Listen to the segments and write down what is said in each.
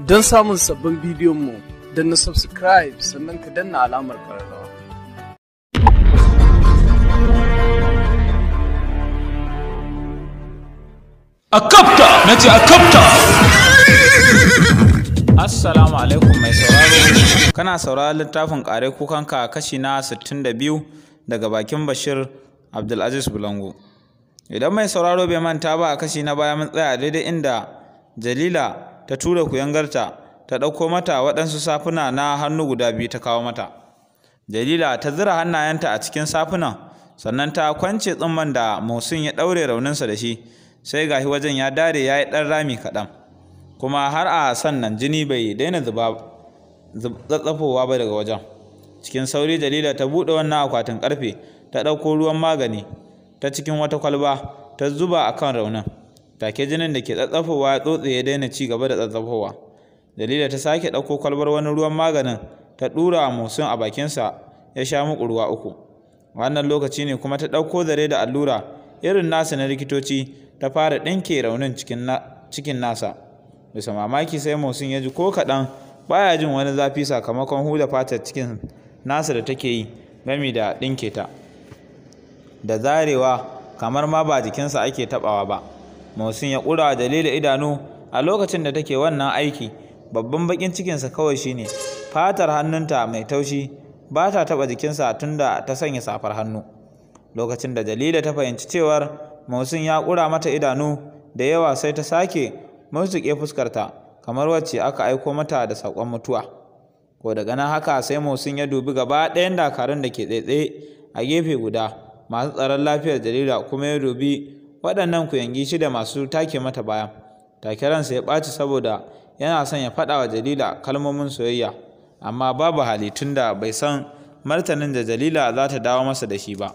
Don samun sabbin bidiyon mu, na subscribe sannan ka danna alamar ƙararrawa. A kapta! Na ce a kapta! Assalamu alaikum mai sauraro. Kana sauraron littafin ƙare kukanka kashi na 62 daga bakin Bashir Abdulaziz Bulango. Idan mai sauraro bai manta ba a kashi na baya mun tsaya daidai inda Jalila ta tura kuyangarta ta ɗauko mata waɗansu safuna na hannu guda biyu ta kawo mata jalila ta zira hannayenta a cikin safunan sannan ta kwance tsumman da musin ya ɗaure rauninsa da shi sai gahi wajen ya dare ya yi ɗan rami kaɗan kuma har a sannan jini bai daina zuba tsatsafowa ba daga wajen cikin sauri jalila ta buɗe wannan akwatin ƙarfe ta ɗauko ruwan magani ta cikin wata kwalba ta zuba a kan raunin take jinin da ke tsatsafowa ya tsotse ya daina ci gaba da tsatsafowa dalila ta sake ɗauko kwalbar wani ruwan maganin ta ɗura a musun a bakinsa ya sha muku ruwa uku wannan lokaci ne kuma ta ɗauko zare da allura irin nasa na likitoci ta fara ɗinke raunin cikin nasa bisa mamaki sai musun ya ji ko kaɗan baya jin wani zafi sakamakon huda fatar cikin nasa da take yi gami da ɗinke ta da zarewa kamar ma ba jikinsa ake taɓawa ba mosin ya ƙura dalila idanu a lokacin da take wannan aiki babban bakin cikinsa kawai shine fatar hannunta mai taushi ba ta taɓa jikinsa da ta sanya safar hannu lokacin da dalila ta fahimci cewar mosin ya ƙura mata idanu da yawa sai ta sake murtuƙe fuskarta kamar wacce aka aiko mata da saƙon mutuwa ko daga nan haka sai mosin ya dubi gaba ɗayan dakarun da ke tsaitsaye a gefe guda masu tsaron lafiyar jarida kuma ya dubi waɗannan kuyangi shida masu take mata baya take ransa ya ɓaci saboda yana son ya faɗa wa jalila kalmomin soyayya amma babu hali da bai san martanin da jalila za ta dawo masa da shi ba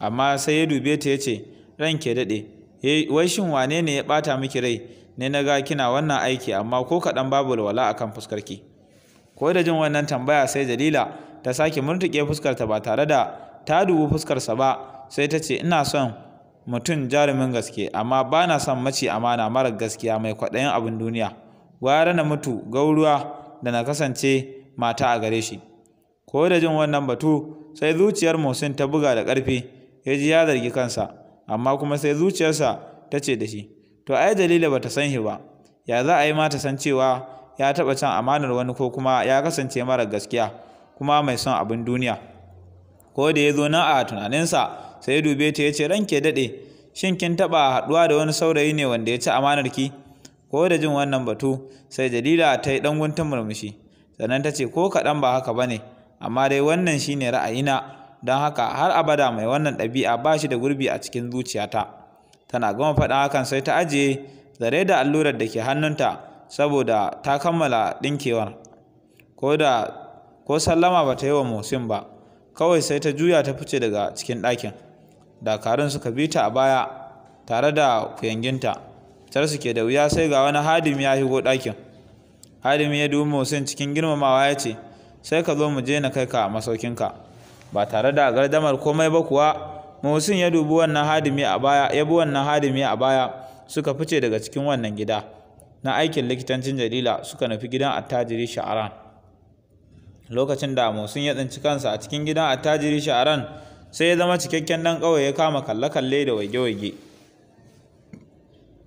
amma sai ya dube ta ya ce ran ke daɗe wai shin wane ne ya ɓata miki rai ne na ga kina wannan aiki amma ko kaɗan babu walwala akan fuskarki ko da jin wannan tambaya sai jalila ta sake murtuke fuskarta ba tare da ta dubu fuskarsa ba sai ta ce ina son mutum jarumin gaske amma ba na son mace amana marar gaskiya mai kwaɗayin abin duniya gwara na mutu gauruwa da na kasance mata a gare shi ko da jin wannan batu sai zuciyar Musin ta buga da ƙarfi ya ji ya zargi kansa amma kuma sai zuciyarsa ta ce da shi to ai dalila bata san shi ba ya za a yi mata san cewa ya taɓa can amanar wani ko kuma ya kasance marar gaskiya kuma mai son abin duniya ko da ya zo nan a tunaninsa sai ya dube ta ya ce ranke daɗe shin kin taɓa haɗuwa da wani saurayi ne wanda ya ci amanar ki ko da jin wannan batu sai jalila ta yi ɗan guntun murmushi sannan ta ce ko kaɗan ba haka ba ne amma dai wannan shi ne ra'ayina don haka har abada mai wannan ɗabi'a ba shi da gurbi a cikin zuciyata tana gama faɗin hakan sai ta ajiye zare da allurar da ke hannunta saboda ta kammala ɗinkewar ko da ko sallama ba ta yi wa musin ba kawai sai ta juya ta fice daga cikin ɗakin dakarun suka bi ta a baya tare da kuyanginta tar suke da wuya sai ga wani hadimi ya shigo ɗakin hadimi ya dubi musin cikin girmamawa ya ce sai ka zo mu je na kai ka masaukinka ba tare da gardamar komai ba kuwa musin ya dubi wannan hadimi a baya ya bi wannan hadimi a baya suka fice daga cikin wannan gida na aikin likitancin jalila suka nufi gidan attajiri sha'aran lokacin da musin ya tsinci kansa a cikin gidan attajiri sha'aran sai ya zama cikakken ɗan ƙawai ya kama kalle-kalle da waige-waige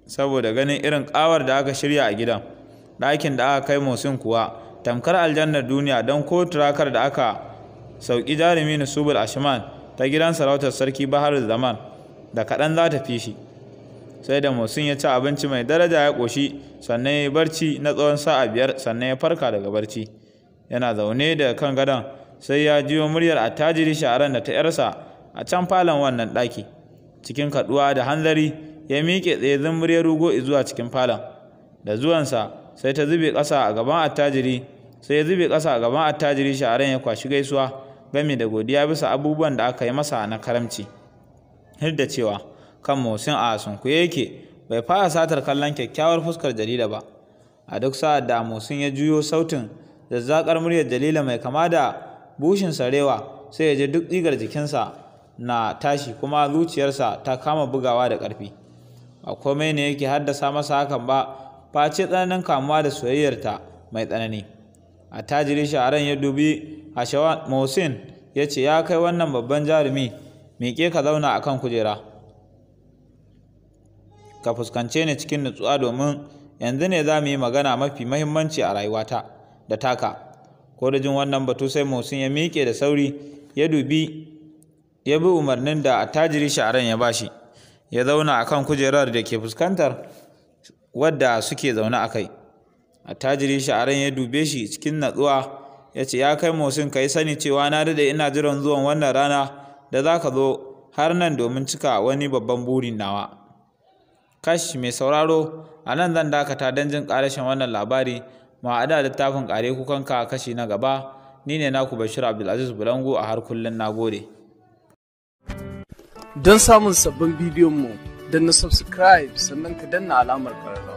saboda ganin irin ƙawar da aka shirya a gidan ɗakin da aka kai mosin kuwa tamkar aljannar duniya don ko turakar da aka sauƙi jarumi na subul ashman ta gidan sarautar sarki bahar zaman da kaɗan za ta fi shi sai da mosin ya ci abinci mai daraja ya ƙoshi sannan ya yi barci na tsawon sa'a biyar sannan ya farka daga barci yana zaune da kan gadon sai ya jiyo muryar attajiri sharan da ta ‘yarsa a can falon wannan ɗaki. Cikin kaɗuwa da hanzari ya miƙe tsaye zumbur ya rugo zuwa cikin falon. Da zuwansa sai ta zube ƙasa a gaban attajiri sai ya zube ƙasa a gaban attajiri sha'aran ya kwashi gaisuwa game da godiya bisa abubuwan da aka yi masa na karamci. har da cewa kan motsin a sunku yake bai fara satar kallon kyakkyawar fuskar jarida ba. A duk sa'ar da motsin ya juyo sautin zazzakar muryar Jalila mai kama da bushin sarewa sai ya je duk tsigar jikinsa na tashi kuma zuciyarsa ta kama bugawa da ƙarfi a komai ne yake haddasa masa hakan ba face tsananin kamuwa da soyayyarta mai tsanani a tajiri shaharan ya dubi hashawan mohsin ya ce ya kai wannan babban jarumi miƙe ka zauna a kan kujera ka fuskance ni cikin nutsuwa domin yanzu ne za mu yi magana mafi mahimmanci a rayuwata da taka ko da jin wannan batu sai Musin ya miƙe da sauri ya dubi ya bi umarnin da attajiri sharan ya bashi ya zauna akan kujerar da ke fuskantar wadda suke zaune a kai attajiri sharan ya dube shi cikin natsuwa ya ce ya kai Musin kai sani cewa na dade ina jiran zuwan wannan rana da za ka zo har nan domin cika wani babban burin nawa kash mai sauraro a nan zan dakata don jin ƙarashin wannan labari ma da littafin kare kukanka kashi na gaba ni ne naku bashir abdulaziz bulango a har kullun nagode don samun sabbin bidiyon mu na subscribe sannan ka danna alamar ƙararrawa